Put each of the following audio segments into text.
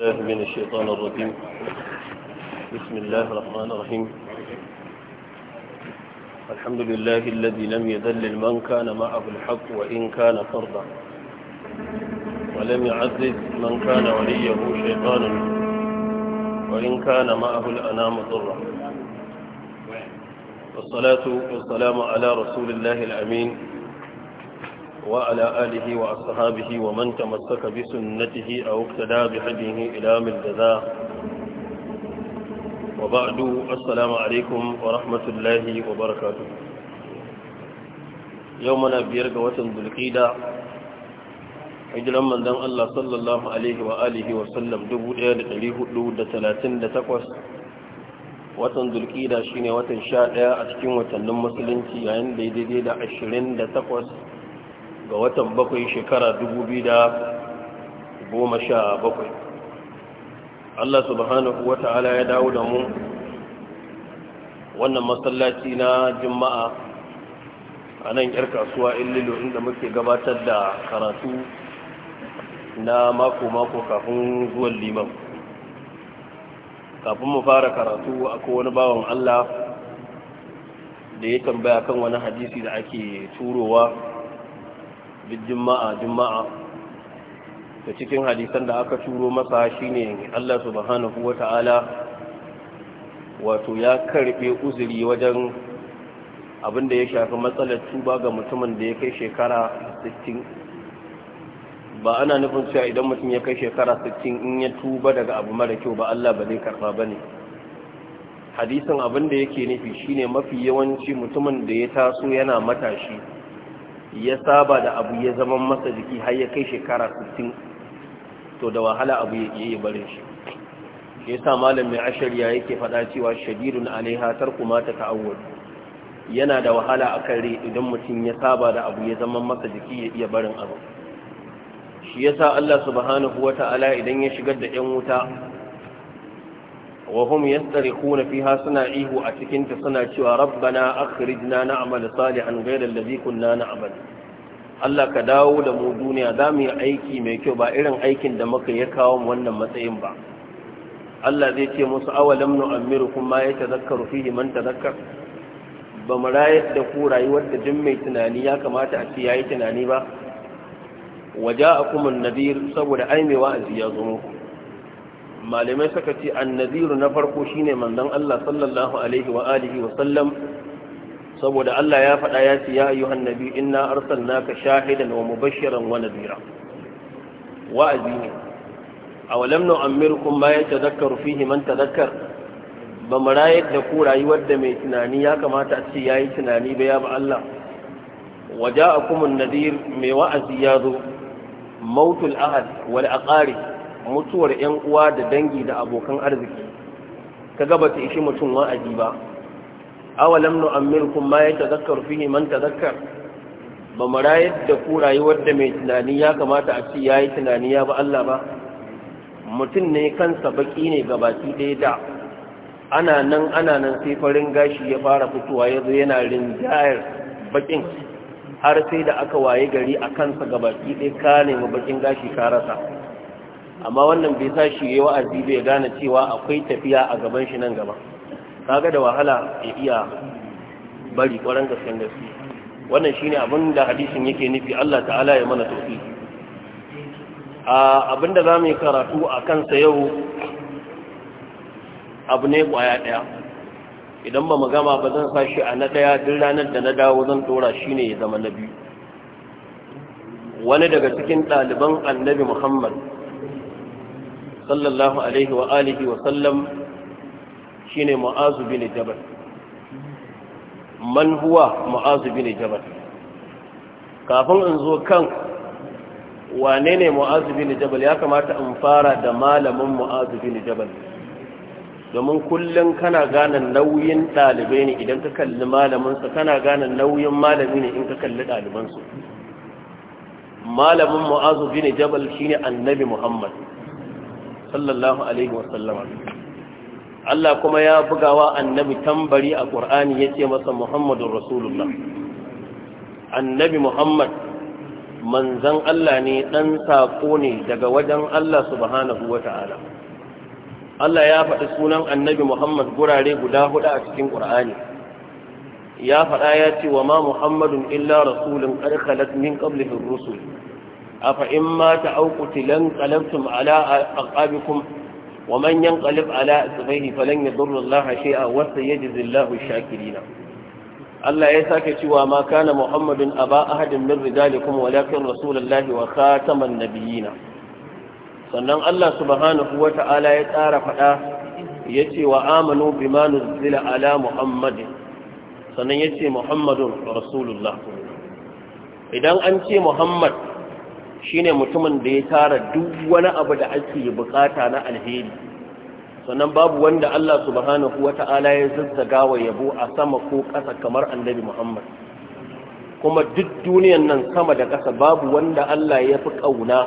الله من الشيطان الرجيم بسم الله الرحمن الرحيم الحمد لله الذي لم يذلل من كان معه الحق وإن كان فرضا ولم يعزز من كان وليه شيطانا وإن كان معه الأنام ضرا والصلاة والسلام على رسول الله الأمين وعلى آله وأصحابه ومن تمسك بسنته أو اقتدى بهديه إلى من جزاه وبعد السلام عليكم ورحمة الله وبركاته يومنا بيرك وطن بالقيدة hijiran manzon Allah sallallahu alaihi wa alihi wa sallam 1438 watan dulkida shine watan 11 a cikin watannin musulunci yayin da daidai da ga watan bakwai shekara da sha bakwai. Allah subhanahu wa ta'ala ya dawo da mu wannan masallaci na juma'a a nan yar kasuwa illilu, inda muke gabatar da karatu na mako-mako kafin zuwan liman kafin mu fara karatu akwai wani bawan Allah da ya tambaya kan wani hadisi da ake turowa duk juma'a juma'a da cikin hadisan da aka turo masa shine Allah subhanahu wata'ala wato ya karbe uzuri wajen abin da ya shafi matsalar tuba ga mutumin da ya kai shekara 60 ba ana nufin cewa idan mutum ya kai shekara 60 in ya tuba daga abu mara kyau ba Allah ba zai karba bane hadisin abin da yake nufi shine mafi yawanci mutumin da ya taso yana matashi ya saba da abu ya zama masa jiki har ya kai shekara 60 to da wahala abu ya yi barin shi shi yasa malam mai ashariya yake faɗa cewa shadidun alaiha tarku ma ta yana da wahala kan rai idan mutum ya saba da abu ya zama masa jiki ya iya barin abu shi yasa Allah subhanahu wata'ala idan ya shigar da 'yan wuta wa hum yastarikuna fiha suna ihu a cikin ta suna cewa rabbana akhrijna na'mal salihan ghayra alladhi kunna na'mal Allah ka dawo da mu duniya za mu yi aiki mai kyau ba irin aikin da muka ya kawo mu wannan matsayin ba Allah zai ce musu awalam nu'ammirukum ma yatazakkaru fihi man tazakkar ba mu rayar da ku rayuwar da duk mai tunani ya kamata a ci yayi tunani ba waja'akumun nadir saboda ai mai wa'azi ya zo muku malamai suka ce annaziru na farko shine manzon Allah sallallahu alaihi wa alihi wa sallam saboda Allah ya faɗa ya ce ya ayyuhan nabi inna arsalnaka shahidan wa mubashiran wa nadira wa'azi ne aw lam nu'ammirkum ma yatadhakkaru fihi man tadhakkar ba mu da ku rayuwar da mai tunani ya kamata a ce yayi tunani ba ya ba Allah waja'akumun nadir mai wa'azi ya zo mautul ahad wal aqari mutuwar yan uwa da dangi da abokan arziki ka gaba ta ishi mutum wa'azi ba awalam nu'ammirkum ma yatadhakkaru fihi man tadhakkar ba mu rayar da ku rayuwar da mai tunani ya kamata a ci yayi tunani ya ba Allah ba mutum ne kansa baki ne baki ɗaya da ana nan ana nan sai farin gashi ya fara fitowa ya zo yana rinjayar bakin har sai da aka waye gari a kansa baki ɗaya ka nemi bakin gashi ka rasa amma wannan bai sa shi yayi wa'azi bai gane cewa akwai tafiya a gaban shi nan gaba kaga da wahala ya iya bari kwaran gaskiyar gaske wannan shine abin da hadisin yake nufi Allah ta'ala ya mana tofi a abinda zamu yi karatu a kansa yau abu ne kwaya daya idan ba mu gama ba zan sa shi a na daya duk ranar da na dawo zan dora ne ya zama na biyu wani daga cikin ɗaliban annabi Muhammad sallallahu alaihi wa alihi wa sallam shine mu'azu bin jabal man huwa mu'azu bin jabal kafin in zo kan wane ne mu'azu bin jabal ya kamata in fara da malamin mu'azu bin jabal domin kullum kana gane nauyin ɗalibai ne idan ka kalli malaminsa kana gane nauyin malami ne in ka kalli ɗalibansu malamin mu'azu bin jabal ne annabi muhammad sallallahu alaihi wasallama Allah kuma ya bugawa annabi tambari a ƙur'ani ya ce masa Muhammadun Rasulullah. Annabi Muhammad manzan Allah ne ɗan saƙo ne daga wajen Allah subhanahu Allah ya faɗi sunan annabi Muhammad gurare guda huɗu a cikin ƙur'ani. Ya faɗa ya ce wa ma Muhammadun illa rasulun ƙarƙalat min ƙablihin rusul. afa in mata aw qutilan qalabtum ala aqabikum wa man yanqalib ala asbayhi falan yadurra Allah shay'a wa sayajzi Allahu ash-shakirin Allah ya sake cewa ma kana Muhammadun aba ahadin min rijalikum walakin rasulullahi wa khataman nabiyina sannan Allah subhanahu wata'ala ya tsara fada yace wa amanu bima nuzila ala Muhammadin sannan yace Muhammadun rasulullah idan an ce Muhammad shine mutumin da ya tara duk wani abu da ake bukata na alheri sannan babu wanda Allah subhanahu wata'ala ya zazzaga wa yabo a sama ko ƙasa kamar annabi Muhammad kuma duk duniyan nan sama da ƙasa babu wanda Allah ya fi ƙauna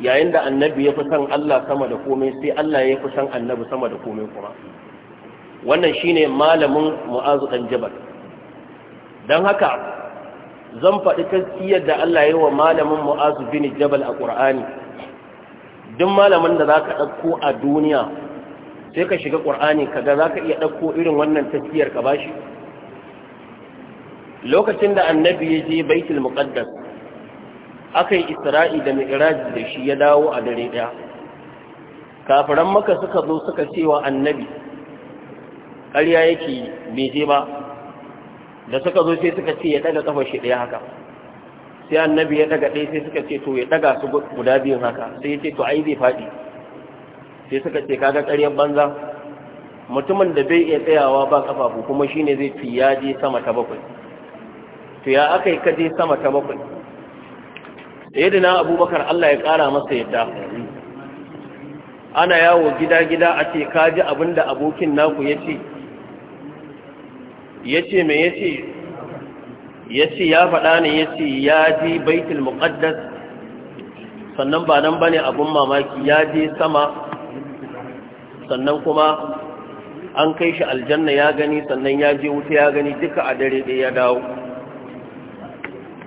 yayin da annabi ya fi san Allah sama da komai sai Allah ya fi san annabi sama da komai kuma wannan shine malamin mu'azu dan jabal don haka zan faɗi taskiyar da Allah yi wa malamin mu'azu bin jabal a ƙur'ani duk malamin da za ka ɗauko a duniya sai ka shiga ƙur'ani kaga za ka iya ɗauko irin wannan taskiyar ka bashi lokacin da annabi ya je baitul muqaddas aka yi isra'i da mi'raji da shi ya dawo a dare ɗaya kafiran maka suka zo suka cewa annabi ƙarya yake me je ba da suka zo sai suka ce ya daga kafar shi ɗaya haka sai annabi ya daga ɗaya sai suka ce to ya daga su guda biyun haka sai ya ce to ai zai faɗi sai suka ce kaga ƙaryar banza mutumin da bai iya tsayawa ba kafafu kuma shine zai fi ya je sama ta bakwai to ya aka yi kaje sama ta bakwai da na abubakar Allah ya ƙara masa yadda ana yawo gida-gida a ce kaji abinda abokin naku ya ce yace mai yace ce ya faɗa ne ce ya ji baitul Muƙaddas sannan ba nan ba ne abin mamaki ya je sama sannan kuma an kai shi aljanna ya gani sannan ya je wuta ya gani duka a dare ɗaya ya dawo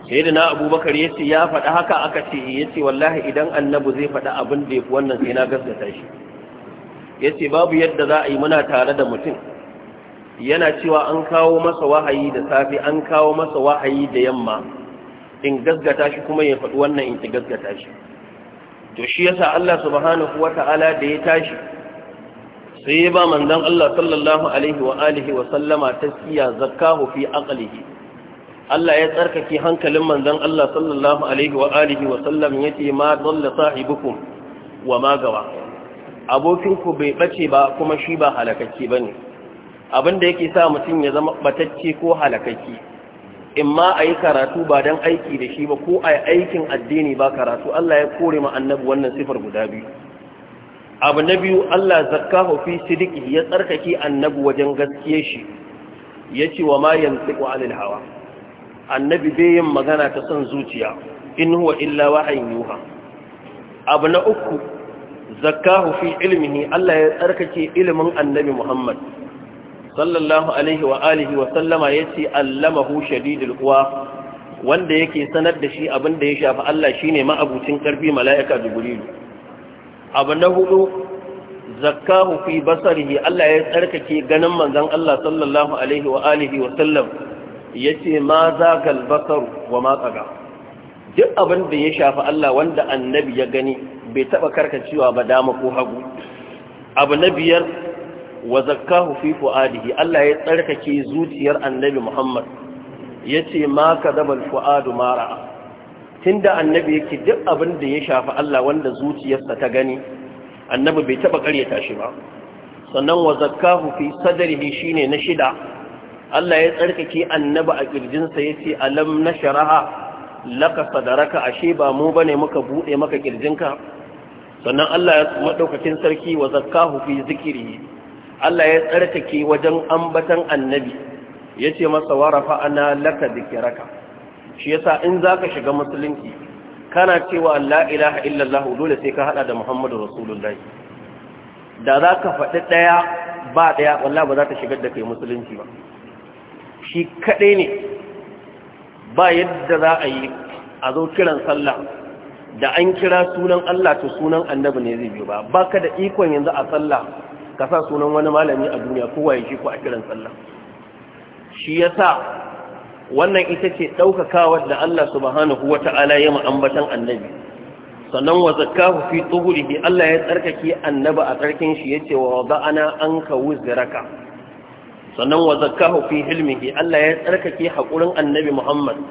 sai da na abubakar ya ce ya faɗa haka aka ce ya ce wallahi idan annabu zai faɗa abin da ya fi wannan sai na gaskata shi ya ce babu yadda za a yi muna tare da mutum yana cewa an kawo masa wahayi da safe, an kawo masa wahayi da yamma in gaskata shi kuma ya faɗi wannan in ki gaskata shi to shi yasa Allah subhanahu wata'ala da ya tashi sai ya ba manzon Allah sallallahu alaihi wa alihi wa sallama taskiya zakkahu fi aqlihi Allah ya tsarkake hankalin manzon Allah sallallahu alaihi wa alihi wa sallam yace ma dalla sahibukum wa ma gawa abokinku bai bace ba kuma shi ba halakacce bane abin da yake sa mutum ya zama batacce ko halakaki in ma a yi karatu ba don aiki da shi ba ko a yi aikin addini ba karatu Allah ya kore ma annabi wannan sifar guda biyu abu na biyu Allah zakkahu fi sidiki ya tsarkake annabi wajen gaskiyar shi ya ce wa ma yantiqu anil hawa annabi bai yin magana ta son zuciya in huwa illa wahayin yuha abu na uku zakkahu fi ilmihi Allah ya tsarkake ilimin annabi Muhammad sallallahu alaihi wa alihi wa sallama yace allamahu shadidul quwa wanda yake sanar da shi abin da ya shafi Allah shine ma'abucin karfi mala'ika jibrilu abu na hudu zakkahu fi basarihi Allah ya tsarkake ganin manzon Allah sallallahu alaihi wa alihi wa sallam yace ma zagal basar wa ma tsaga duk abin da ya shafi Allah wanda annabi ya gani bai taba karkacewa ba dama ko hagu abu na biyar wa zakkahu fi fu'adihi Allah ya tsarkake zuciyar annabi Muhammad yace ma kadaba al-fu'adu ma ra'a tunda annabi yake duk abin da ya shafi Allah wanda zuciyarsa ta gani annabi bai taba karyata shi ba sannan wa zakkahu fi sadrihi shine na shida Allah ya tsarkake annabi a kirjinsa yace alam nasharaha laka sadaraka ashe ba mu bane muka bude maka kirjinka sannan Allah ya madaukakin sarki wa zakkahu fi zikrihi Allah ya tsarkake wajen ambatan annabi ya ce masa warafa ana laka zikiraka shi yasa in za ka shiga musulunci kana cewa la ilaha illallah dole sai ka hada da muhammadu rasulullahi da za ka faɗi ɗaya ba ɗaya wallah ba za ta shigar da kai musulunci ba shi kaɗai ne ba yadda za a yi a zo kiran sallah da an kira sunan Allah to sunan annabi ne zai biyo ba baka da ikon yanzu a sallah ka sa sunan wani malami a duniya kowa ya shi a kiran sallah shi yasa wannan ita ce daukakawar da Allah subhanahu wata'ala ya mu ambatan annabi sannan wa zakkahu fi tuhurihi Allah ya tsarkake annaba a tsarkin shi yace wa an anka wuzraka sannan wa zakkahu fi hilmihi Allah ya tsarkake hakurin annabi Muhammad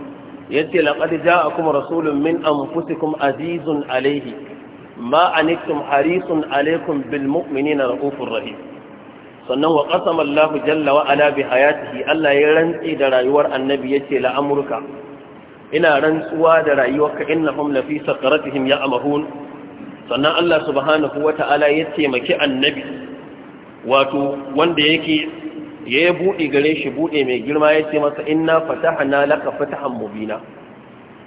yace laqad ja'akum rasulun min anfusikum azizun alaihi. ma harisun alaikum bil mu'minina raufur rahim sannan wa qasama Allahu jalla wa ala bi hayatihi Allah ya rantsi da rayuwar annabi yace la amurka ina rantsuwa da rayuwarka innahum la fi ya ya'mahun sannan Allah subhanahu wa ta'ala ya taimaki annabi wato wanda yake ya yi buɗe gare shi buɗe mai girma ya ce masa inna fataha na laka fatahan mubina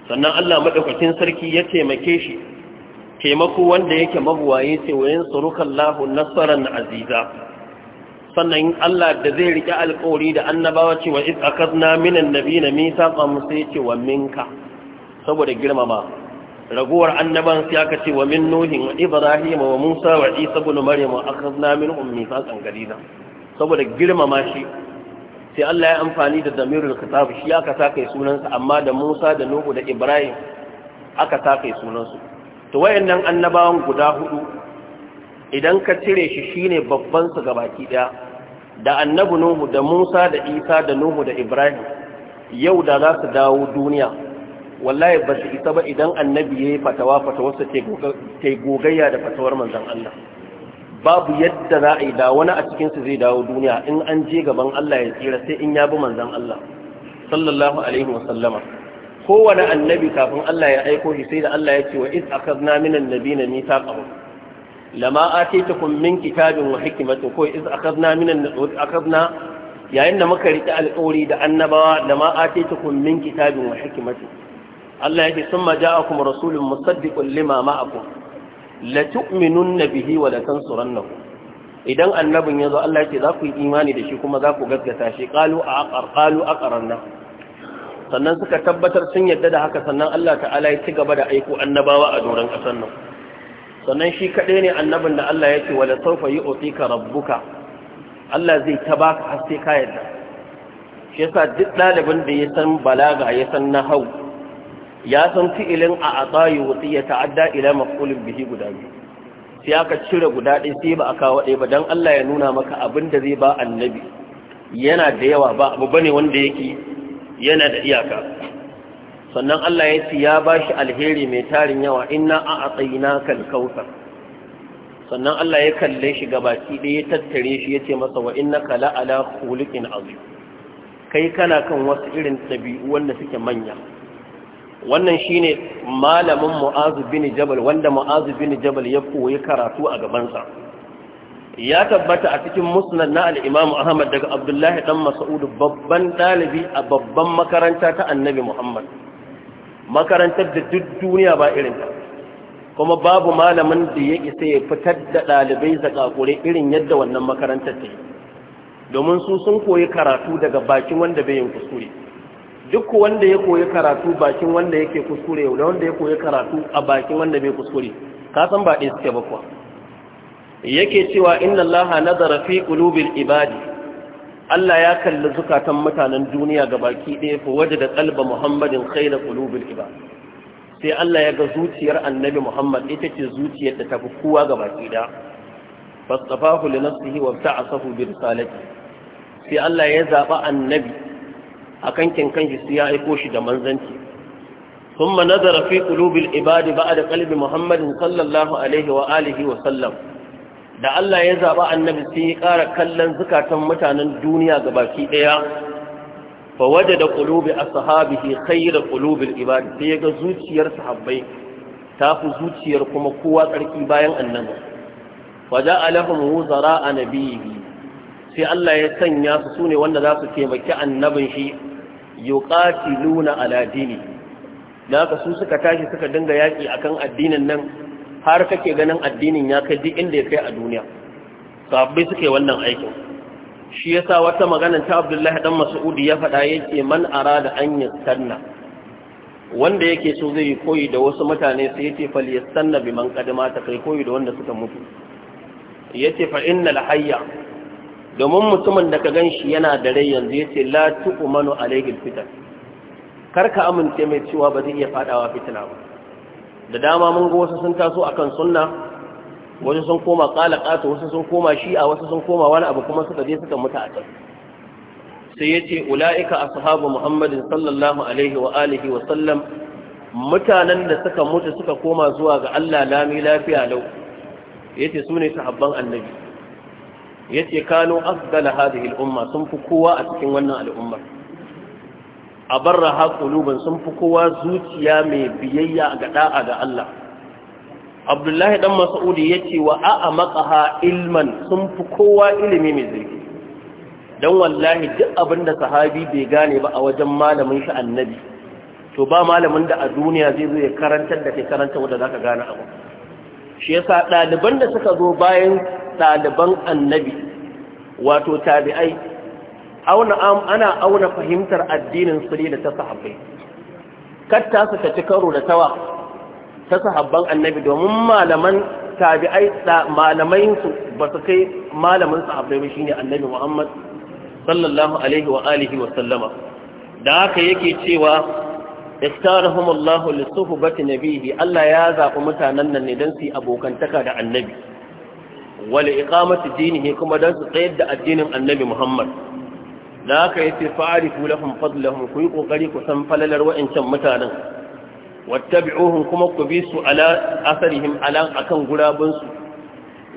sannan Allah maɗaukakin sarki ya taimake shi taimako wanda yake mabuwaye ce surukan Lahu, nasaran aziza sannan Allah da zai rike alƙawari da annabawa ce wa iz akadna minan nabiyina mithaqan sai ce wa minka saboda girmama ragowar annaban sai aka ce wa min nuhin wa ibrahim wa musa wa isa ibn maryam akadna minhum mithaqan galiza saboda girmama shi sai Allah ya amfani da damirul kitab shi aka saka sunansa amma da musa da nuhu da ibrahim aka saka sunansu to wayannan annabawan guda hudu idan ka cire shi shine babban ga gabaki daya da annabi nuhu da musa da isa da nuhu da ibrahim yau da za su dawo duniya wallahi ba su isa ba idan annabi ya yi fatawa fatawarsa ta gogayya da fatawar manzan allah babu yadda za a yi da wani a cikinsu zai dawo duniya in an je gaban allah ya tsira sai in ya bi manzan allah sallallahu alaihi wasallama kowane annabi kafin Allah ya aiko shi sai da Allah ya ce wa iz akhadna minan nabiyina mithaqahum lama atitakum min kitabin wa hikmatin ko iz akhadna minan akhadna yayin da muka riƙe alƙawari da annabawa lama atitakum min kitabin wa hikmatin Allah ya ce summa ja'akum rasulun musaddiqun lima ma'akum la tu'minunna bihi wa la tansurunnahu idan annabin yazo Allah ya ce za ku yi imani da shi kuma za ku gaggata shi qalu a aqar qalu aqaranna sannan suka tabbatar sun yadda da haka sannan Allah ta'ala ya ci gaba da aiko annabawa a doron ƙasar nan sannan shi kaɗai ne annabin da Allah ya ce wa da saufa yi otika rabbuka Allah zai ta ba ka haske ka yadda shi yasa duk ɗalibin da ya san balaga ya san nahau ya san fi'ilin a atsayi wutsi ya ta'adda ila maf'ulin bihi guda biyu sai aka cire guda ɗaya sai ba a kawo ɗaya ba don Allah ya nuna maka abin da zai ba annabi yana da yawa ba abu bane wanda yake yana da iyaka sannan Allah ya ce ya bashi alheri mai tarin yawa inna a atsayina kal kautsar sannan Allah ya kalle shi gabaki ɗaya ya tattare shi ya ce masa wa na kala ala khuluqin azim kai kana kan wasu irin ɗabi'u wanda suke manya wannan shine malamin mu'azu bin jabal wanda mu'azu bin jabal ya koyi karatu a gabansa ya tabbata a cikin musnad na al-Imam Ahmad daga Abdullahi dan Mas'ud babban dalibi a babban makaranta ta Annabi Muhammad makarantar da duk duniya ba irin ta kuma babu malamin da ya isa ya fitar da dalibai zakakure irin yadda wannan makarantar ta yi domin su sun koyi karatu daga bakin wanda bai yin kuskure duk wanda ya koyi karatu bakin wanda yake kuskure da wanda ya koyi karatu a bakin wanda bai kuskure ka san ba ɗaya suke bakwa yake cewa inna allaha nazara fi qulubil ibadi Allah ya kalli zukatan mutanen duniya ga baki ɗaya fa waje da kalba Muhammadin khayra qulubil ibad sai Allah ya ga zuciyar Annabi Muhammad ita ce zuciyar da tafi kowa ga baki ɗaya fastafahu li nafsihi wa ta'asahu bi risalati sai Allah ya zaba Annabi akan kin kanki shi ya aiko shi da manzanci ثم نظر في قلوب العباد بعد قلب محمد صلى الله عليه وآله وسلم da Allah ya zaba annabi sai ya ƙara kallon zukatan mutanen duniya ga baki ɗaya fa wajada qulubi ashabihi khayra qulubil ibad sai ya ga zuciyar sahabbai ta fi zuciyar kuma kowa tsarki bayan annabi waja alahum wuzara anabiyhi sai Allah ya sanya su sune wanda za su taimaki annabin shi yuqatiluna ala dini da su suka tashi suka dinga yaƙi akan addinin nan har kake ganin addinin ya kai duk inda ya kai a duniya sahabbai suke wannan aikin shi yasa wata magana ta Abdullahi dan Mas'udi ya faɗa yake man arada an yastanna wanda yake so zai koyi da wasu mutane sai yace fal yastanna biman qadama ta kai koyi da wanda suka mutu yace fa innal hayya domin mutumin da ka ganshi yana da rai yanzu yace la tu'manu alayhi fitan karka amince mai cewa ba zai iya fadawa fitina ba da dama mun ga wasu sun taso akan sunna wasu sun koma qalaqatu wasu sun koma shi, a wasu sun koma wani abu kuma suka je suka mutu a can sai ce ulaika a sahabu muhammadin sallallahu alaihi wa alihi wa sallam mutanen da suka mutu suka koma zuwa ga Allah lami lafiya lau yace su ne sahabban annabi yace kanu afdal hadhihi al-umma sun fi kowa a cikin wannan al'ummar a barra haƙulubin sun fi kowa zuciya mai biyayya ga ɗa'a ga Allah abdullahi ɗan masa'udi ya ce wa a'a maƙaha ilman sun fi kowa ilimi mai zirgi don wallahi duk abin da sahabi bai gane ba a wajen malamin shi annabi to ba malamin da a duniya zai zo ya karantar da ke karanta wanda za ka gane abu shi yasa ɗaliban da suka zo bayan ɗaliban annabi wato tabi'ai ana auna fahimtar addinin su ne da ta sahabbai katta su ta ci karo da tawa ta sahabban annabi domin malaman tabi'ai da malamai ba su kai malamin sahabbai ba shine annabi Muhammad sallallahu alaihi wa alihi wa sallama da haka yake cewa istarahum Allah li suhbati nabihi Allah ya zaɓi mutanen nan ne don su abokantaka da annabi wal iqamati dinihi kuma dan su tsayar da addinin annabi Muhammad da kai yace fa'arifu lahum fadlahum ku yi kokari ku san falalar wa'ancan mutanen biohun kuma ku bi su ala asarihim ala akan gurabun su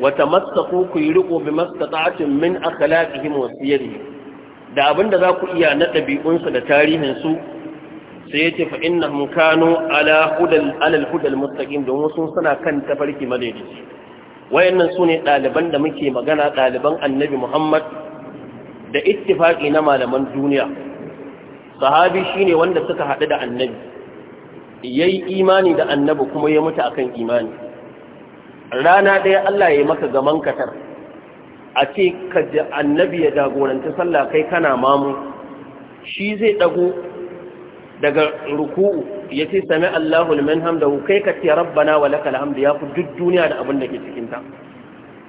wa tamassaku ku yi riko bi mastata'atin min akhlaqihim wa siyarihim da abinda za ku iya na ɗabi'unsu da tarihin su sai yace fa mun kano ala hudal alal hudal mustaqim don wasu suna kan tafarki madaidaici wayannan sune ɗaliban da muke magana ɗaliban annabi Muhammad da ittifaƙi na malaman duniya sahabi shine wanda suka haɗu da annabi yi imani da annabi kuma ya mutu akan imani rana ɗaya Allah ya maka gaman katar a ce ka annabi ya jagoranci sallah kai kana mamu shi zai dago daga ruku'u ya ce sami Allahu liman hamdahu kai ka ce rabbana wa lakal hamdu ya fi duk duniya da abin da ke cikinta,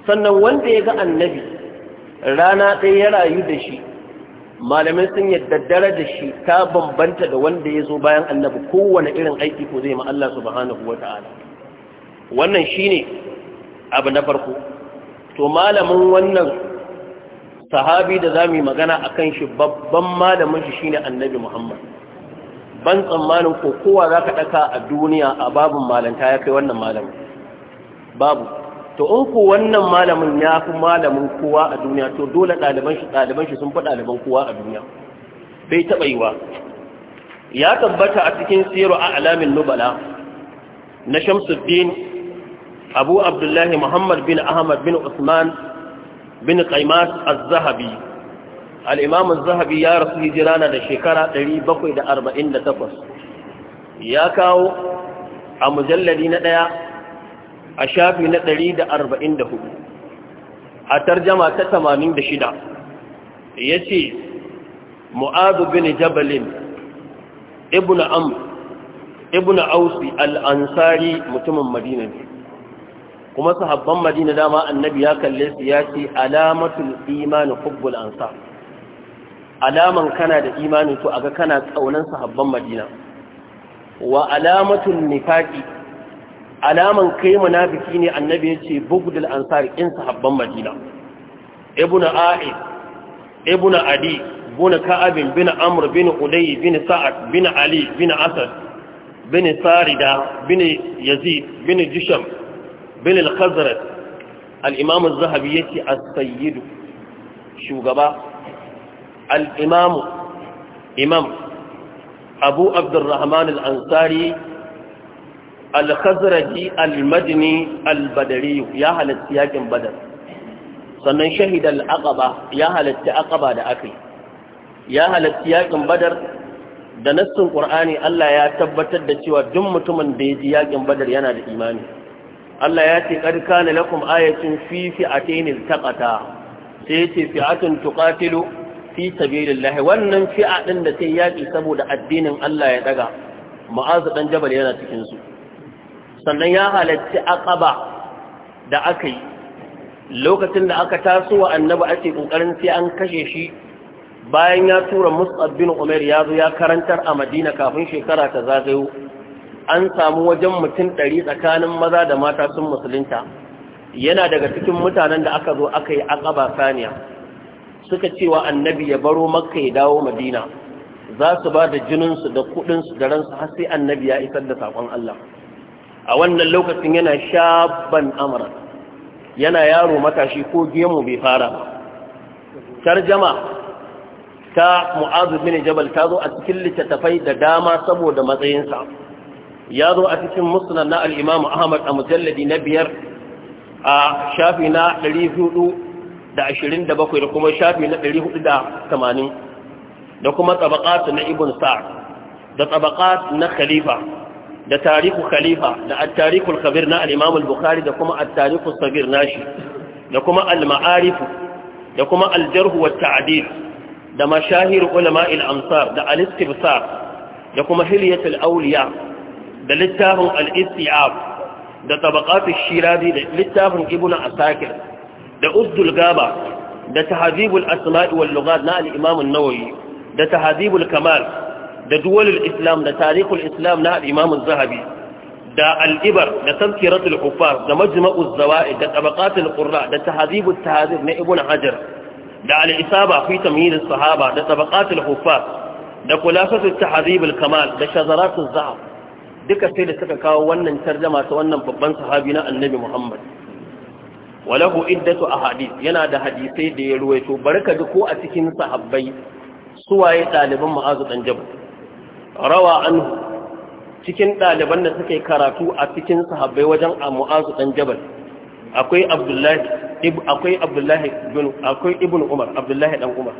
sannan wanda ya ga annabi rana ɗaya ya rayu da shi malamin sun yadda da shi ta bambanta da wanda ya zo bayan annabi kowane irin aiki ko zai Allah subhanahu wa ta'ala wannan ne abu na farko to malamin wannan sahabi da yi magana a kan shi babban malamin shi shine annabi Muhammad ban tsammanin ko kowa zaka ɗaka a duniya a babun malanta ya kai wannan malamin babu to in ku wannan malamin ya fi malamin kowa a duniya to dole ɗaliban shi sun fi ɗaliban kowa a duniya bai taɓa yi wa ya tabbata a cikin siyaru a alamin nubala na shamsuddin abu abdullahi muhammad bin ahmad bin usman bin qaimas az-zahabi al-imam az-zahabi ya rasu hijirana da shekara 748 ya kawo a mujalladi na ɗaya a shafi na 144 a tarjama ta 86 yace mu'adh bin jabal ibn amr ibn Ausi al-ansari mutumin madina ne kuma sahabban madina dama annabi ya kalle su ya ce alamatul imani hubbul ansar alaman kana da imani to aga kana kaunan sahabban madina wa alamatul nifaqi alaman kai munafiki ne annabi ya ce bugdul ansar in sahabban madina ibnu a'id ibnu adi bin ka'ab bin amr bin ulay bin sa'ad bin ali bin asad bin sarida bin yazid bin jisham bin al-khazraj al-imam az-zahabi yace as-sayyid shugaba al-imam imam abu abdurrahman al-ansari al-khazraji al-madini al-badari ya halatta yakin badar sannan shahid al ya halatta aqaba da akai ya halatta yakin badar da nassin qur'ani Allah ya tabbatar da cewa duk mutumin da ya ji yakin badar yana da imani Allah ya ce qad kana lakum ayatun fi fi'atayn iltaqata sai ce fi'atun tuqatilu fi sabilillah wannan fi'a din da sai yaki saboda addinin Allah ya daga ma'azu ɗan jabal yana cikin su sannan ya halarci aqaba da aka yi lokacin da aka taso wa annabi ake kokarin sai an kashe shi bayan ya tura mus'ab bin umar ya zo ya karantar a madina kafin shekara ta zagayo an samu wajen mutum ɗari tsakanin maza da mata sun musulunta yana daga cikin mutanen da aka zo aka yi akaba saniya suka cewa annabi ya baro makka ya dawo madina za su ba da jininsu da kuɗinsu da ransu har sai annabi ya isar da saƙon Allah a wannan lokacin yana shaban amara yana yaro matashi ko gemu bai fara ba tarjama ta mu'azu bin jabal ta zo a cikin littattafai da dama saboda matsayinsa ya zo a cikin musnad na al-imam ahmad a mujalladi na biyar a shafi na 427 da kuma shafi na 480 da kuma tabaqat na ibn sa'd da tabaqat na khalifa da tarihu khalifa da at-tarikul kabir na al-imam al-bukhari da kuma at sabir nashi da kuma al-ma'arif da kuma al-jarh wa tadil da mashahir ulama'il amsar da al-istibsar da kuma hilyatul awliya da littafin al-istiab da tabaqat shirazi da littafin ibnu asakir da usdul gaba da tahdhibul asma' wal lughat na al-imam an-nawawi da tahdhibul kamal da duwalul islam da tarihul islam na imamun zahabi da al'ibar da tafkiratul hufar da majma'uz zawa'i da tabaqatul qurra da tahdhibut tahdhib na ibnu hajar da al fi sahaba da tabaqatul hufar da khulasatul tahdhibul kamal da shazaratul zahab duka sai da suka kawo wannan tarjuma ta wannan babban sahabi na annabi muhammad walahu iddatu ahadith yana da hadisai da ya ruwaito barka ko a cikin sahabbai suwaye ɗaliban ma'azu ɗan jabal rawa an cikin ɗaliban da suke karatu a cikin sahabbai wajen a mu'azu ɗan jabal akwai abdullahi ibn umar abdullahi ɗan umar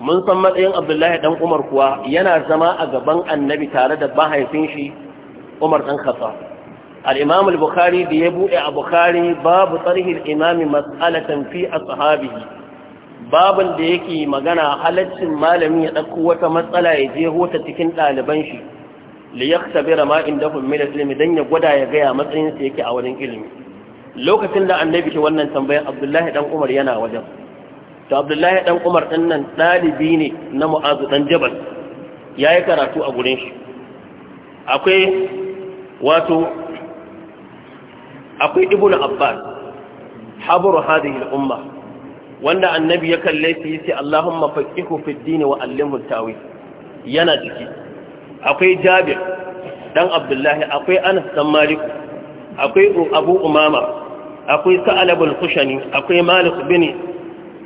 mun san matsayin abdullahi ɗan umar kuwa yana zama a gaban annabi tare da mahaifin shi umar ɗan khattab al-imam al-bukhari da ya buɗe a bukhari babu tsarihin imami mas'alatan fi ashabihi babin da yake magana halaccin malami ya ɗauko wata matsala ya je hota cikin ɗaliban shi li yaktabira ma inda kun mai ilimi dan ya gwada ya gaya matsayinsa yake a wurin ilimi lokacin da annabi ke wannan tambaya Abdullahi dan Umar yana wajen to Abdullahi dan Umar din nan ɗalibi ne na Mu'azu dan Jabal yayi karatu a gurin shi akwai wato akwai Ibn Abbas habru hadhihi al-umma wanda annabi ya kalle su yi sai, Allahumma faqihu fid din wa allimhu tawil yana ciki akwai Jabir dan Abdullahi akwai Anas dan Malik akwai Abu Umama akwai Sa'alab al-Khushani akwai Malik bin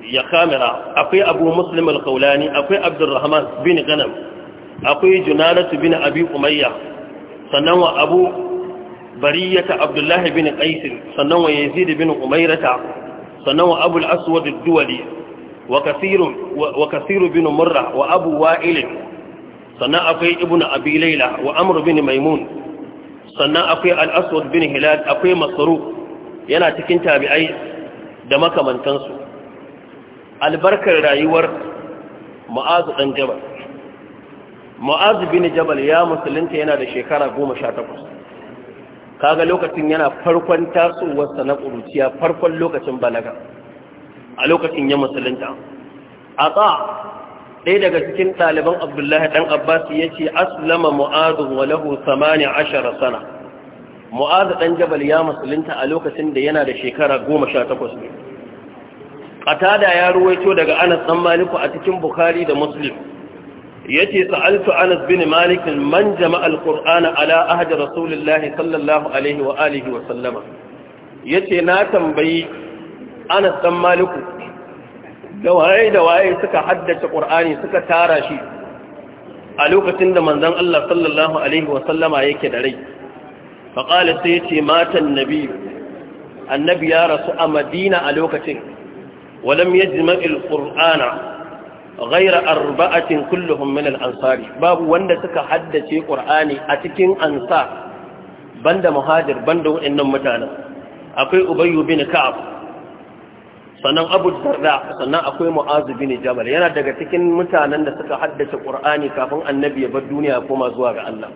Yakhamira akwai Abu Muslim al-Khawlani akwai Abdurrahman bin Ghanam akwai Junanatu bin Abi Umayya sannan wa Abu bariyata abdullahi bin qais sannan wa yazid bin umairata sannan wa abul aswad ad-duwali wa Kasiru wa bin murra wa abu wa'il sannan akwai ibnu abi layla wa amr bin maimun sannan akwai al bin hilal akwai masruq yana cikin tabi'ai da makamantansu albarkar rayuwar mu'azu dan jabal mu'azu bin jabal ya musulunta yana da shekara goma sha takwas. kaga lokacin yana farkon tasowarsa na ƙuruciya farkon lokacin balaga a lokacin ya musulunta a tsa ɗaya daga cikin ɗaliban abdullahi ɗan abbas ya ce aslama mu'adu wa lahu ashara sana mu'adu ɗan jabal ya musulunta a lokacin da yana da shekara goma sha takwas ne qatada ya ruwaito daga anas ɗan maliku a cikin bukhari da muslim yace sa'altu Anas bin Malik man jama'a al-Qur'ana ala ahdi Rasulullah sallallahu alaihi wa alihi wa sallama yace na tambayi Anas dan Maliku da waye da waye suka haddace Qur'ani suka tara shi a lokacin da manzon Allah sallallahu alaihi wa sallama yake da rai fa qala sai yace matan nabi annabi ya rasu a Madina a lokacin walam yajma'il Qur'ana ghaira arba'atin kulluhum min al-ansari babu wanda suka haddace qur'ani a cikin ansa banda muhajir banda waɗannan mutanen akwai ubayyu bin ka'ab sannan abu darda sannan akwai mu'azu bin jabal yana daga cikin mutanen da suka haddace qur'ani kafin annabi ya bar duniya kuma zuwa ga Allah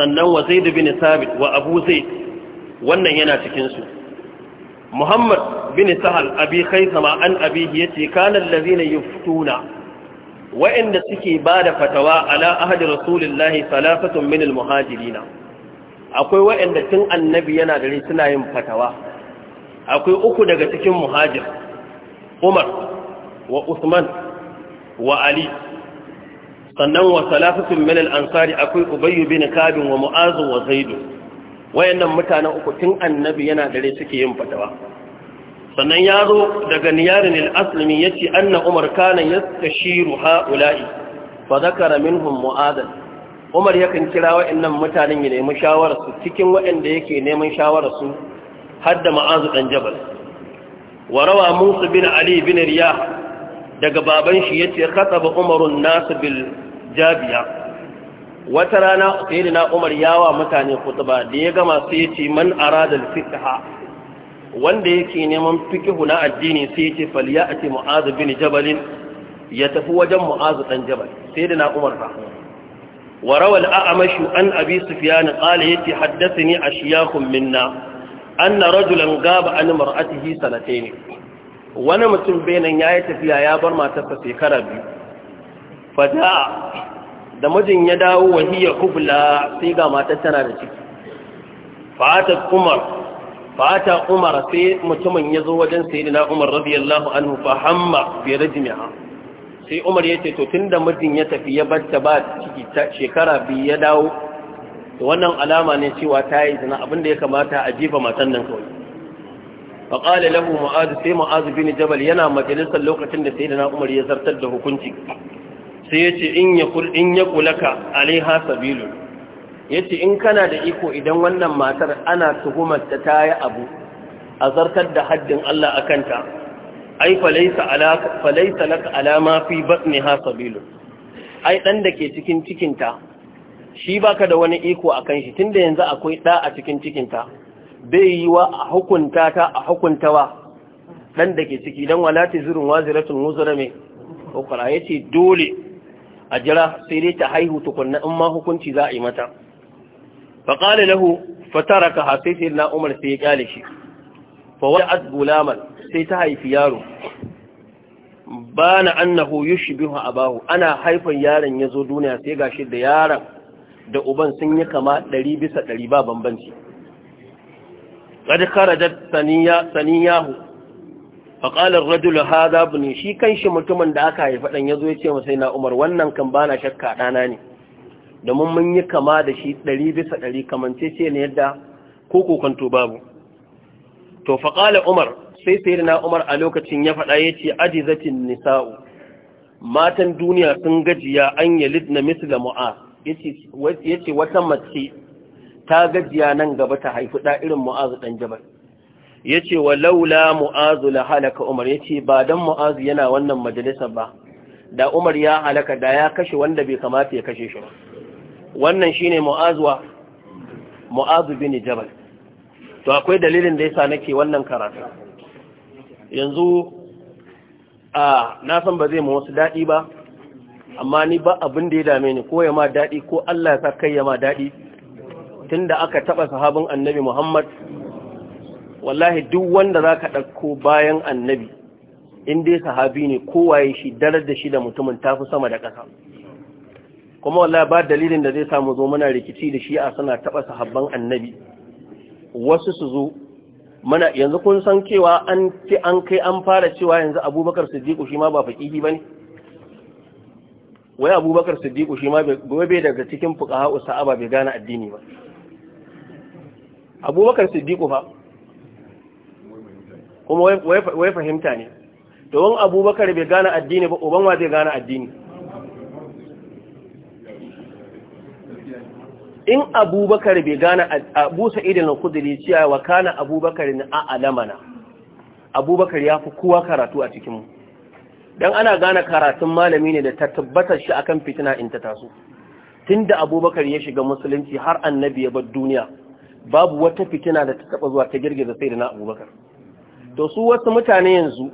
sannan wa zaid bin thabit wa abu zaid wannan yana cikin su muhammad bin sahal abi khaisama an abihi yace kana allazina yuftuna wa'anda suke bada fatawa ala ahadi rasulillahi salafatun min almuhajirina akwai wa'anda tun annabi yana dare suna yin fatawa akwai uku daga cikin muhajir Umar wa Usman wa Ali sannan wa salafatun min al akwai Ubay bin Ka'b wa Mu'az wa Zaid wayannan mutanen uku tun annabi yana dare suke yin fatawa sannan ya zo daga niyarin al'aslami ya ce an na umar kanan ya tashiru ha'ula'i fa zakara minhum mu'adal umar yakan kira wa'annan mutanen ya nemi shawararsu cikin wa'anda yake neman shawararsu har da ma'azu ɗan jabal wa rawa musu bin ali bin riya daga baban shi ya ce katsaba umarun nasu bil jabiya wata rana sai da na umar yawa mutane kutuba da ya gama sai ya ce man aradal fitaha wanda yake neman fikihu na addini sai a ce Mu'azu bin Jabalin ya tafi wajen Mu'azu dan jabal sai da na umar fa wa rawal a'mash an abi sufyan qala yati haddathani ashiyakhun minna anna rajulan gaba an mar'atihi sanatayn wani mutum ya yayi tafiya ya bar matarsa shekara biyu fada da mijin ya dawo hiya kubla sai ga matar tana da ciki Fata umar fata umar sai mutumin ya zo wajen na umar radiyallahu anhu fa hamma bi rajmiha sai umar ya ce to tunda mijin ya tafi ya batta ba ciki shekara biyu ya dawo to wannan alama ne cewa ta yi zina abinda ya kamata a jefa matan nan kawai fa qala lahu mu'adh sai mu'adh bin jabal yana majalisar lokacin da sayyidina umar ya zartar da hukunci sai ya ce in yakul in yakulaka alaiha sabilun yace in kana da iko idan wannan matar ana tuhumar ta tayi abu a da haddin Allah a kanta ai falaisa alaka falaisa laka alama fi batniha sabilun ai dan da ke cikin cikinta shi baka da wani iko akan shi tunda yanzu akwai da a cikin cikinta bai yi wa a hukunta ta a hukuntawa dan da ke ciki dan wala zurun waziratun muzrami ko kokara yace dole a jira sai dai ta haihu tukunna in ma hukunci za a yi mata faƙali lahu ka hafi sai na umar sai ya ƙyale shi fawar gulaman sai ta haifi yaro ba na annahu yushbihu abahu ana haifan yaron ya zo duniya sai gashi da yaron da uban sun yi kama ɗari bisa ɗari ba bambanci قد خرجت faƙalar ثنياه فقال الرجل هذا ne shi kanshi mutumin da aka haifa zo yazo ce Masai na Umar wannan kan bana shakka ɗana ne domin mun yi kama da shi ɗari bisa ɗari kamance ce ne yadda ko kokonto babu to faƙala umar sai sai da na umar a lokacin ya faɗa ya ce ajizatin nisa'u matan duniya sun gajiya an yalid na misla mu'a ya ce wata mace ta gajiya nan gaba ta haifi ɗa irin mu'azu ɗan jabal ya ce wa laula mu'azu la halaka umar ya ce ba don mu'azu yana wannan majalisa ba da umar ya halaka da ya kashe wanda bai kamata ya kashe shi ba wannan shine mu'azwa mu'azu bin jabal to akwai dalilin da yasa nake wannan karatu yanzu a na san ba zai mu wasu dadi ba amma ni ba abin da ya dame ni ko ya ma dadi ko Allah ya sa kai ya ma dadi tunda aka taba sahabin annabi Muhammad wallahi duk wanda zaka dauko bayan annabi in dai sahabi ne kowaye shi darar da shi da mutumin tafi sama da ƙasa kuma wallahi ba dalilin da zai samu zo muna rikici da shi'a suna taba sahabban annabi wasu su zo mana yanzu kun san cewa an ci an kai an fara cewa yanzu abubakar siddiqu shi ma ba faqihi bane wai abubakar siddiqu shi ma bai daga cikin fuqaha sahaba bai gane addini ba abubakar siddiqu fa kuma wai fahimta ne to wani abubakar bai gane addini ba uban wa zai gane addini in abubakar bai gane abu idan na kudiri ciya wa kana abubakar na a'lamana abubakar ya fi kowa karatu a cikin mu ana gane karatun malami ne da ta tabbatar shi akan fitina in ta taso tunda abubakar ya shiga musulunci har annabi ya bar duniya babu wata fitina da ta taba zuwa ta girgiza sai da na abubakar to su wasu mutane yanzu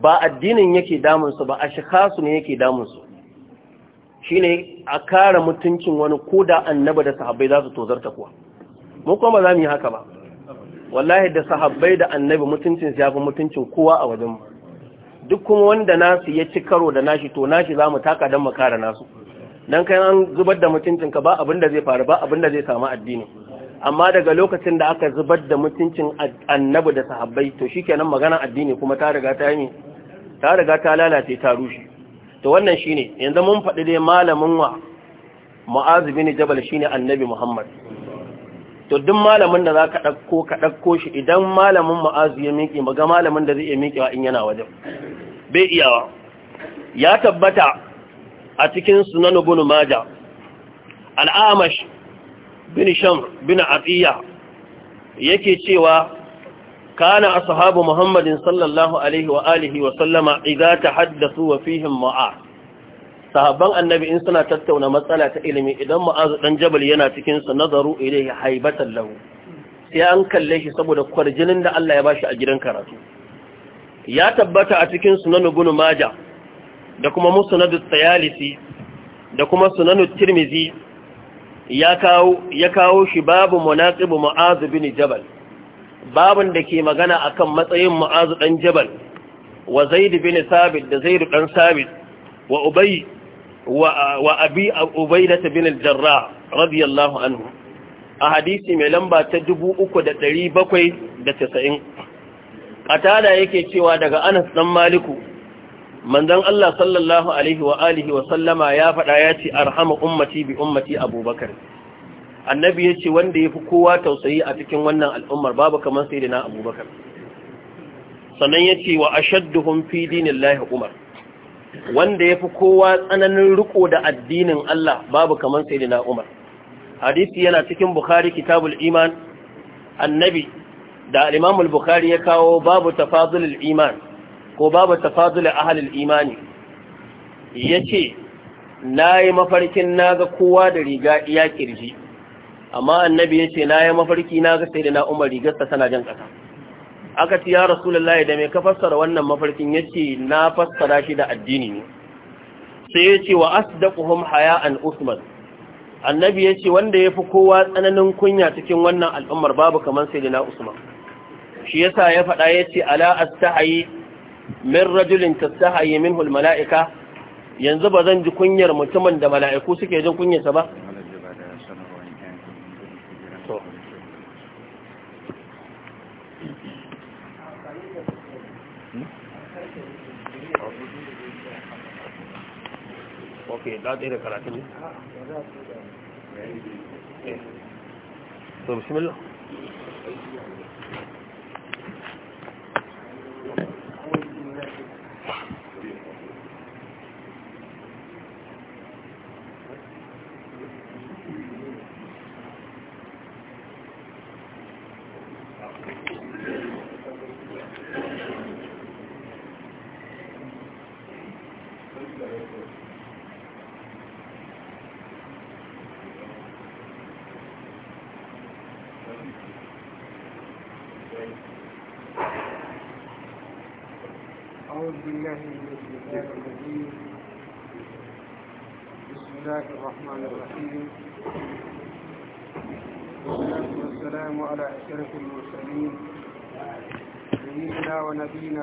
ba addinin yake damunsu ba a shikasu ne yake damunsu shine a kare mutuncin wani ko da annaba da sahabbai za su tozarta kuwa mu kuma za mu yi haka ba wallahi da sahabbai da annabi mutuncin su yafi mutuncin kowa a wajen duk kuma wanda nasu ya ci karo da nashi to nashi za mu taka don mu kare nasu dan kai an zubar da mutuncin ka ba abin da zai faru ba abin da zai samu addini amma daga lokacin da aka zubar da mutuncin annabi da sahabbai to shikenan magana addini kuma ta riga ta yi ta riga ta lalace ta rushe to wannan shine yanzu mun faɗi dai malamin wa mu'az bin jabal shine annabi muhammad to duk malamin da zaka dauko ka dauko shi idan malamin mu'az ya miƙe maga malamin da zai iya miƙewa in yana wajen bai iyawa ya tabbata a cikin sunan ibn majah al'amash amash bin shamr bin atiya yake cewa kana ashabu muhammadin sallallahu alaihi wa alihi wa wa sahabban annabi in suna tattauna matsala ta ilimi idan mu'azu dan jabal yana cikin su nazaru ilayhi haibatan lahu sai an kalle shi saboda kwarjinin da Allah ya bashi a gidan karatu ya tabbata a cikin sunan ibn majah da kuma musnad at-tayalisi da kuma sunan at-tirmidhi ya kawo ya kawo shi babu munaqib muazu bin jabal babin da ke magana akan matsayin mu'azu ɗan jabal wa Zaidu bin sabit da Zaidu dan sabit wa ubai wa abi ubaydah bin al jarra radiyallahu anhu a hadisi mai lamba ta 3790 tada yake cewa daga Anas ɗan Maliku manzan Allah sallallahu alaihi wa alihi wa sallama ya faɗa ya ce arhama ummati bi ummati Abubakar annabi ya ce wanda ya fi kowa tausayi a cikin wannan al'ummar babu kamar sai da na abubakar sannan ya ce wa ashadduhum fi dinillahi umar wanda ya fi kowa tsananin riko da addinin Allah babu kamar sai da na umar hadisi yana cikin bukhari kitabul iman annabi da Alimamul bukhari ya kawo babu tafadulul iman ko babu tafadul ahlul imani yace nayi mafarkin na ga kowa da riga iya kirji amma annabi ya ce na yi mafarki na ga sai da na umar rigarsa tana jan ƙasa aka ci ya rasulullah da mai ka fassara wannan mafarkin ya ce na fassara shi da addini ne sai ya ce wa asdaquhum haya'an usman annabi ya ce wanda ya fi kowa tsananin kunya cikin wannan al'ummar babu kamar sai da na usman shi yasa ya faɗa ya ce ala astahayi min rajulin tastahayi minhu mala'ika yanzu ba zan ji kunyar mutumin da mala'iku suke jin kunyarsa ba ok da ɗaya da karatu ne eh. bismillah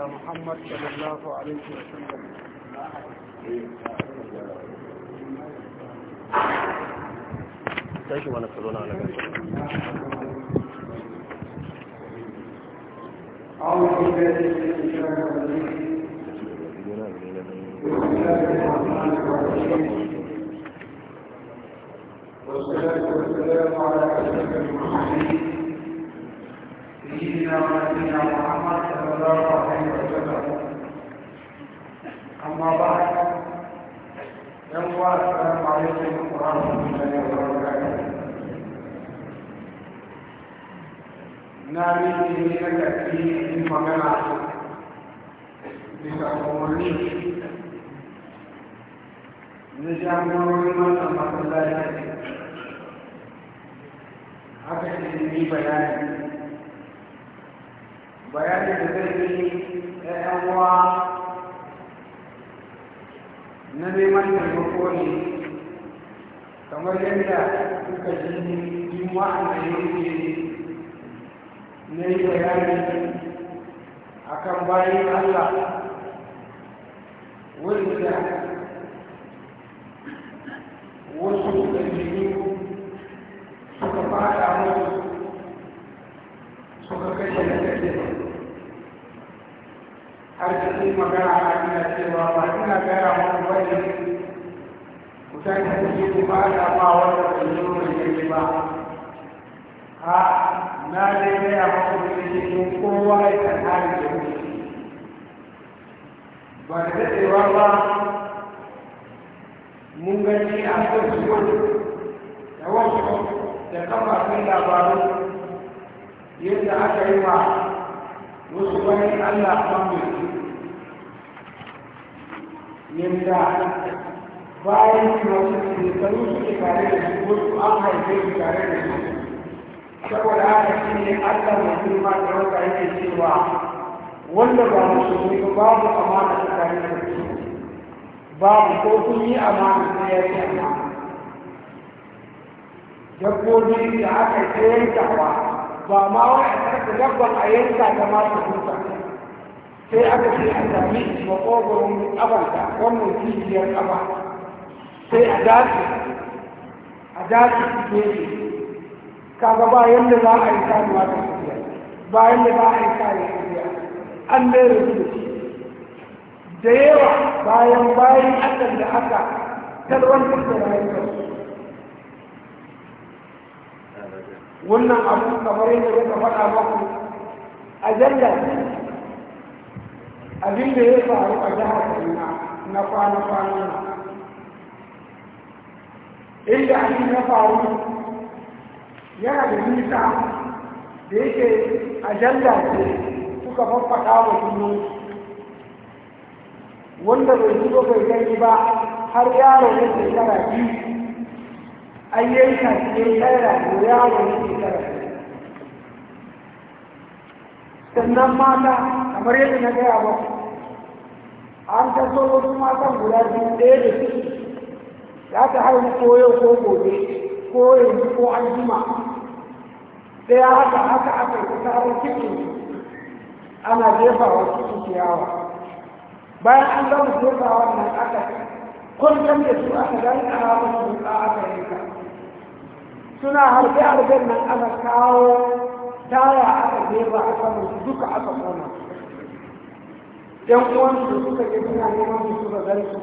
محمد صلى الله عليه وسلم تشوف انا على والصلاة والسلام على أشرف المرسلين سيدنا ونبينا محمد صلى الله عليه وسلم أما بعد يوم السلام عليكم ورحمة الله وبركاته نعم سيدنا تأتي مكانا بتأمرني نجامل من أمر الله أكثر من بيانه bayanin da zai yi ɗayan uwa na neman taimako ne kamar yadda suka ji juma'a ya yake na yi bayani a kan bayan allah wanda wasu da suka fada musu har cikin magana a ina cewa ba ina gaya muku wani ku san da kuke ku ba da ba wanda ku yi mai yake ba ha na dai gaya muku da yake yin kowa ya kan hali da kuke ba da daɗewa ba mun gani an kasuwa da wasu da kafafen labaru yadda aka yi wa wasu bayan allah mamman yadda bayan wasu shekaru suke tare da shi wasu an haife su tare da shi saboda haka shi ne allah mai girma da wata yake cewa wanda ba mu musulmi ba babu amana tsakanin da su babu ko kun yi amana sai ya ce amana dabbobi da aka yanka ba ba ma wani a dabban a yanka ta masu su sai aka ce a sami makogoron kafarta wannan cibiyar kafa sai a dace a dace gefe kaga ba yadda za a yi samuwa ta tafiya ba yadda za a yi kare tafiya an lera su da yawa bayan bayan allah da aka talwantar da rayuwar wannan abu kamar yadda ya faɗa maku a jangar abin da ya faru a jihar kaduna na kwana-kwana inda abin ya faru yana da nisa da yake ajanda ce suka faffaɗa wa junan wanda bai zuba bai gani ba har yaro ne shekara biyu an yanka ne ɗaya da yaro ne shekara biyu sannan mata kamar yadda na gaya ba an taso wasu matan guda biyu ɗaya da su za ta haihu ko yau ko gobe ko yanzu ko an jima ɗaya haka haka aka yi tsarin cikin ana jefawa cikin ciyawa bayan an gama jefawa nan aka kwanton da su aka a kara musu a aka yi suna harbe-harben nan aka kawo taya aka jefa a saman su duka aka kona yan uwansu da suka ke suna neman su ba zai su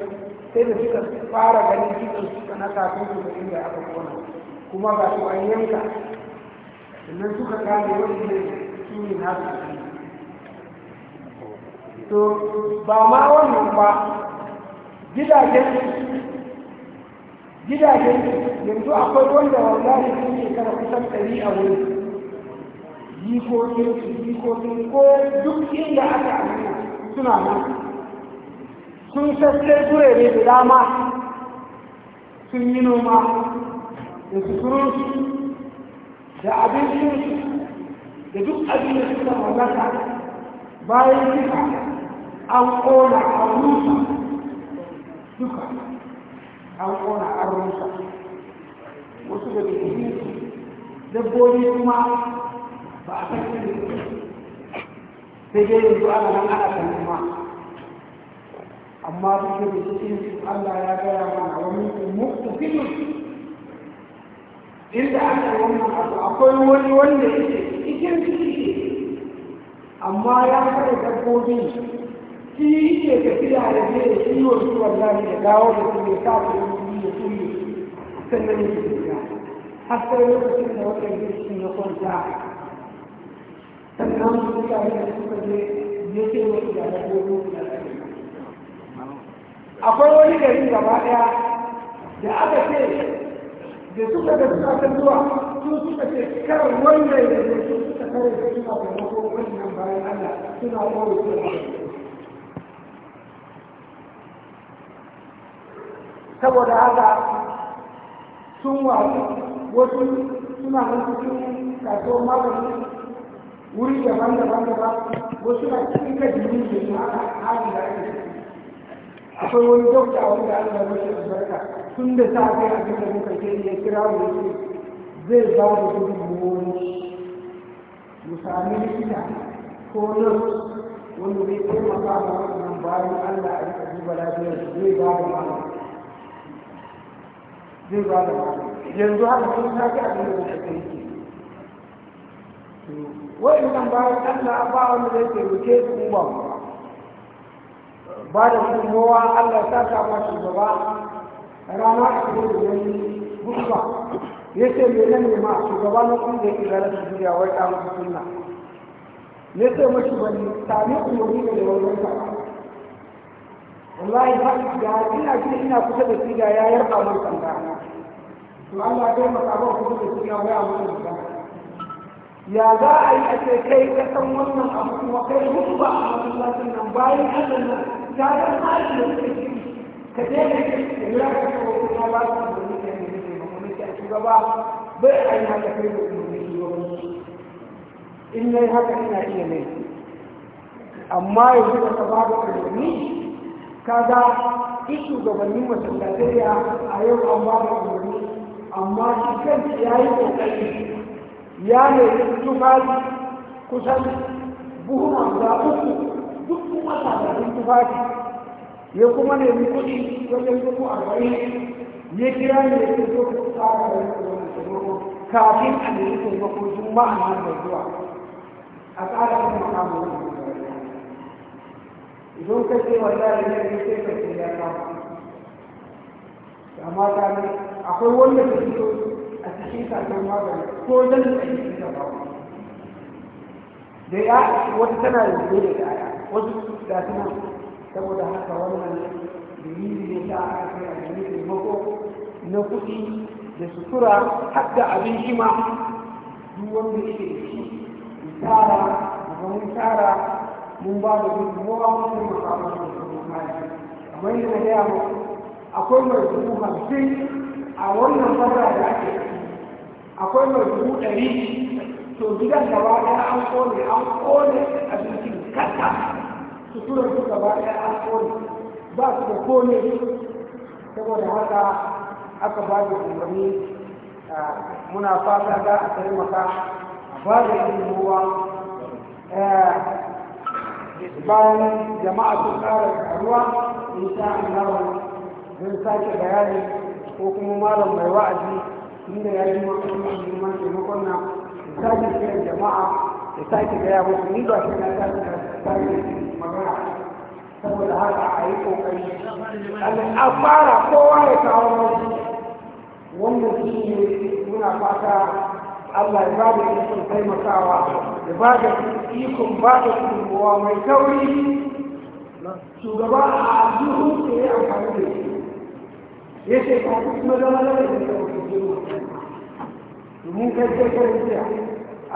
sai da suka fara ganin cikin ka na kafin su da inda aka kona kuma ga su an yanka sannan suka gane wani ne su ne na su to ba ma wannan ba gidajen gidajen yanzu akwai wanda wallahi sun shekara kusan ɗari a wuri jikokin su jikokin ko duk inda aka amina suna nan sun sassai turere da dama sun yi noma da suturunsu da abincinsu da duk abin da suka mallaka bayan kisa an kona an rusa duka an kona an rusa wasu da dabbobi kuma ba a san kan sai dai yanzu ana nan ana kan kuma amma su ke da cikin su Allah ya gaya mana wa minkum fito inda aka yi wannan abu akwai wani wanda yake cikin ciki amma ya fara dabbobin shi yake tafiya da je da ciwon su wallahi da gawo da su ne sa su yi da su yi sannan yake tafiya har sai lokacin da wata girki na kwanta namun akwai wani gari gaba daya da aka ce da suka da suka ta suka ce kar wannan da ne su suka kare da suna taimako wannan bayan Allah suna kawo su saboda haka sun wasu wasu suna nan cikin kasuwar maganin wuri daban daban daban wasu na cikin kajin ke su ana hali da ake akwai wani dokta wanda an da mashi albarka tun da safe abin da muka ke ya kira mu yake zai ba da gudunmuwoyi mu sami likita ko nan wani zai taimaka ma wannan bayan allah a rika duba lafiyar zai ba da malam zai ba da malam yanzu haka sun sake abin da muka ke wa'annan bayan Allah ba wanda zai taimake su ba ba da gudunmowa Allah ta kama shugaba rana a cikin da wani gusba ya ce mai nan ne ma shugaba na kungiyar igara su duniya wai ta musu sunna ya ce mashi bani sami umarni da wani sa wallahi har da ina gida ina kusa da siga ya yarda mun sanda to Allah ya taimaka abin kusa da siga wai a musu sunna ya za a yi a kai ka san wannan abu kuma kai hudu ba a wani masallacin nan bayan allah nan ta ga tsari da suke ciki ka je da ke da ya ka ce wasu ya ba su da muke ne ne ba kuma ke shugaba bai a yi haka kai da kuma ne shugabanci in na yi haka ina iya mai amma yanzu da ka ba da umarni kaga duk shugabannin masallatai a yau an ba da umarni amma shi kanci ya yi kokari ya nemi tufafi kusan buhun da uku duk kuma sababbin tufafi ya kuma nemi kuɗi wajen dubu arba'in ya kira ne ya zo ta tsara da kafin a nemi taimako juma'a nan da zuwa a tsara da makamu idan ka ce wallahi ne ya ce ka ce ya kama amma ta ne akwai wanda ta fito a cikin kakar magani ko zan da ake cikin bawa da ya wata tana da yanzu da yaya wasu da suna saboda haka wannan da yi ne ta a kai a gani mako na kuɗi da sutura har da abin shi ma duk wanda yake da shi tara daga mun tara mun ba da gudunmuwa mun taimaka musu da kuma kayan kamar yadda na gaya akwai mai dubu hamsin a wannan fata da ake akwai mai dubu ɗari to gidan gaba ɗaya an kone an kone abincin kasa suturar su gaba ɗaya an kone ba su da kone saboda haka aka ba da umarni muna fata za a taimaka a ba da yin ruwa bayan jama'a sun ƙara ruwa in sha Allah zan sake bayani ko kuma malam mai wa'azi inda ya yi mutum neman taimakon na ya sake kiran jama'a ya sake gaya musu ni ba shi na sake sake magana saboda haka a yi kokari a fara kowa ya kawo wani wannan shi ne muna fata Allah ya ba da ikon taimakawa ya ba da ikon ba da gudunmuwa mai kauri shugaba a duhu ke amfani da shi ya ce kuma kuma zama da ya ممكن تكون فيها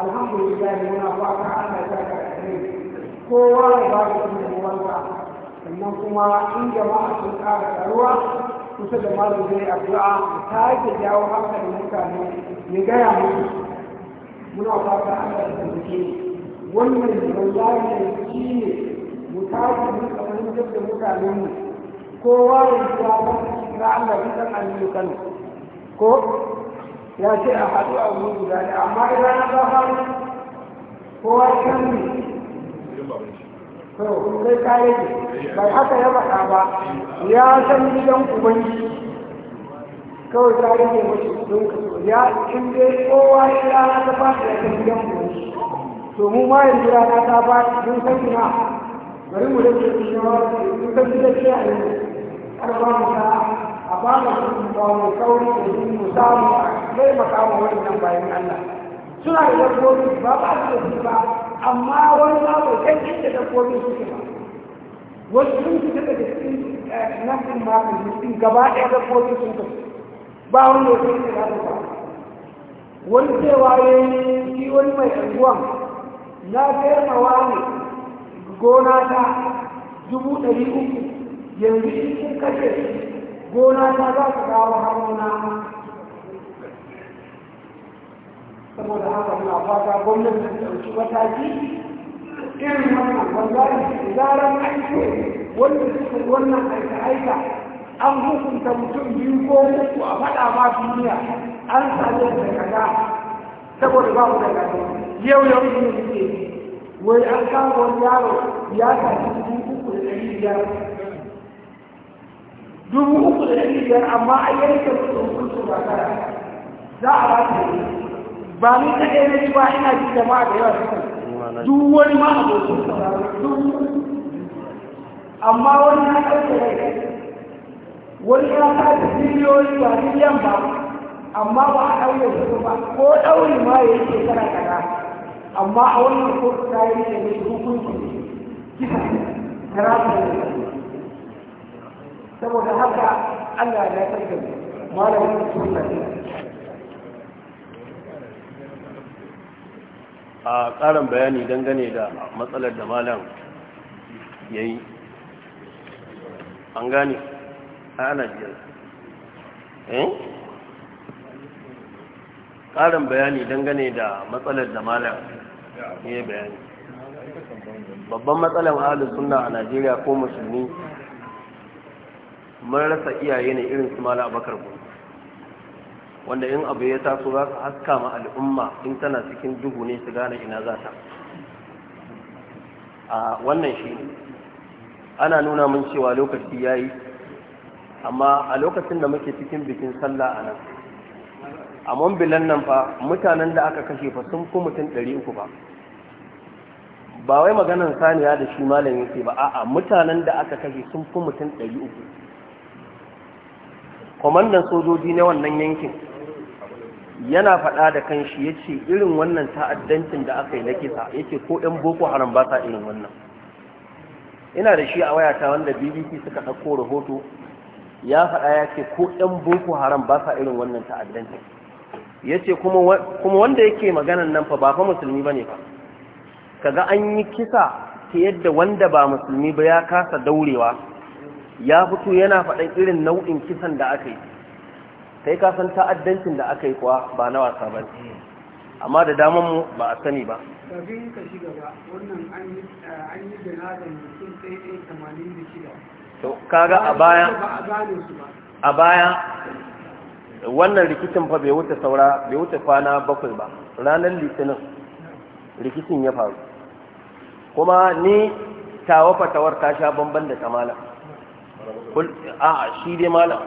الحمد لله من أفعال على ذلك الحين هو بعض من الوضع إنكم إن جماعة الآن تروى تسد مال بي أبلاع تاج الجاو حقا المكان يجايا من من أفعال على ذلك ومن الله يجيني متاج من أفعال المكان هو يجب أن يكون ko ya ce a haɗu a wuri guda amma idan na ba haɗu kowa can ne to kai yi ne bai haka ya faɗa ba ya san gidan ubangi kawai kare ne mace don ka so ya in dai kowa ya rana ta ba ta yakan gidan ubangi to mu ma yanzu rana ta ba don san ina bari mu da ke cikin wani sun san gidan shi a yanzu ba su ba mu kauri da yin mu samu mai makama wannan bayan Allah suna da dabbobi ba ba su da ba amma wani ma bai san inda dabbobi suke ba wasu sun fita daga cikin eh, nan din ma din gaba ɗaya dabbobi sun fita ba wanda ya san da ba wani cewa ya yi wani mai ɗanguwan na sayar mawa ne gona ta dubu ɗari uku yanzu in kashe gona ta za su kawo hannuna saboda haka muna fata gwamnati su ɗauki mataki irin wannan wallahi zaran an ce wanda suke wannan aika-aika an hukunta mutum biyu ko uku a faɗa ba duniya an sami da kaga saboda babu da kaga yau yau ne suke wai an kawo wani yaro ya tafi dubu uku da ɗari biyar dubu uku da ɗari biyar amma a yi yanke mutum hukuncin ba tara za a ba ta yi ba ni ta ɗaya na ba ina ji da ma da yawa suka duk wani ma a dokin amma wani ya ɗauke rai wani ya sata miliyoyi ba miliyan ba amma ba a ɗaure su ba ko ɗaure ma ya yi shekara kaza amma a wannan kotu ta yi ne hukuncin kisa ta kara ta yi saboda haka Allah ya tsarka mu malamin sunna ne a ƙarin bayani dangane da matsalar da malam ya yi an gane a ana biyar eh? ƙarin bayani dangane da matsalar da malam ya yi bayani babban matsalar ahalin suna a najeriya ko musulmi mun rasa iyaye ne irin su mala abakar bu wanda in abu ya taso za su haska ma al'umma in tana cikin duhu ne su gane ina za ta a wannan shi ana nuna mun cewa lokaci ya yi amma a lokacin da muke cikin bikin sallah a nan a mambilan nan fa mutanen da aka kashe fa sun fi mutum 300 ba ba wai maganan saniya da shi malam yake ba a'a mutanen da aka kashe sun fi mutum 300 kwamandan sojoji na wannan yankin yana faɗa da kanshi ya ce irin wannan ta'addancin da aka yi na kisa ya ce ko 'yan boko haram ba sa irin wannan ina da shi a wayata wanda bbc suka ɗauko rahoto ya faɗa ya ce ko 'yan boko haram ba sa irin wannan ta'addancin ya ce kuma wanda yake maganan nan fa ba fa musulmi ba ne fa kaga an yi kisa ta yadda wanda ba musulmi ba ya kasa daurewa ya fito yana faɗan irin nau'in kisan da aka yi sai ka san ta'addancin da aka yi kuwa ba na wasa ba amma da daman mu ba a sani ba kafin ka shiga ba wannan an yi eh, jana'azan mutum sai ɗaya tamanin da shida to kaga a baya a baya wannan rikicin fa bai wuce saura bai wuce kwana bakwai ba ranar litinin rikicin ya faru kuma ni tawa tawar ta sha bamban da kamala a'a shi dai malam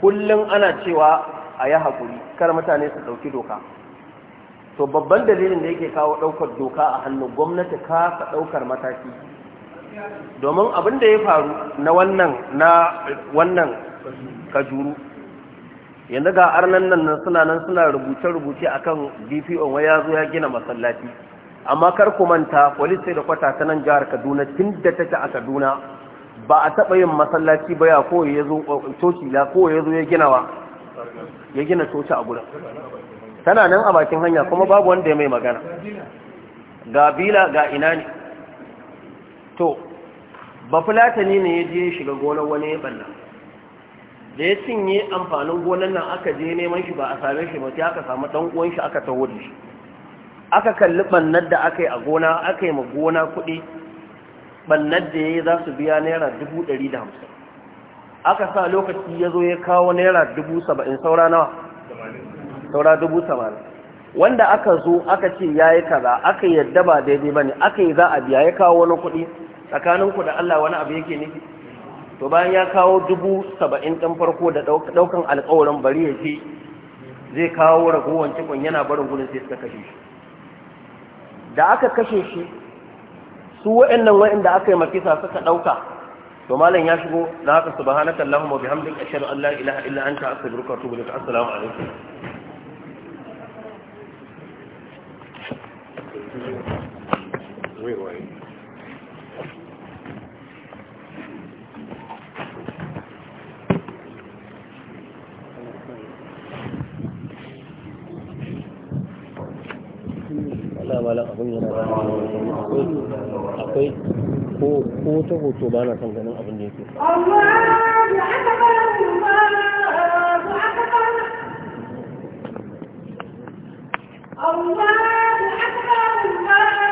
kullum ana cewa a yi haƙuri kar mutane su ɗauki doka to babban dalilin da yake kawo ɗaukar doka a hannu gwamnati kasa ɗaukar mataki domin abin da ya faru na wannan na wannan kajuru yanzu ga arnan nan suna nan suna rubuce-rubuce a kan wai ya zo ya gina masallaci amma kar ku manta sai da kwata ta nan jihar kaduna tun da take a kaduna ba a taɓa yin masallaci ba ya kowa ya zo eh, coci la kowai ya gina wa ya gina coci a gurin tana nan a bakin hanya kuma babu wanda ya mai magana ga bila ga ina ne to ba fulatani ne ya je shiga gonar wani ya ɓanna da ya cinye amfanin gonar nan aka je neman shi ba a same shi ba sai aka samu ɗan uwan shi aka taho da shi aka kalli ɓannar da aka yi a gona aka yi ma gona kuɗi ɓannar da ya yi za su biya naira dubu ɗari da hamsin aka sa lokaci ya zo ya kawo naira dubu saba'in saura nawa saura dubu wanda aka zo aka ce ya yi kaza aka yadda ba daidai ba ne aka yi za a biya ya kawo wani kuɗi tsakaninku da Allah wani abu yake nufi to bayan ya kawo dubu saba'in ɗin farko da ɗaukan alƙawarin bari ya ce zai kawo ragowar cikon yana barin gudun sai suka kashe shi da aka kashe shi su wa'annan wa'anda aka yi makisa suka ɗauka to malam ya shigo na haka subhanaka allahumma bihamdika ashhadu an la ilaha illa anta astaghfiruka wa atubu ilaik assalamu alaikum Wait, wait. da mala abin yana da akwai ko ko ta hoto ba na son ganin abin da yake Allah ya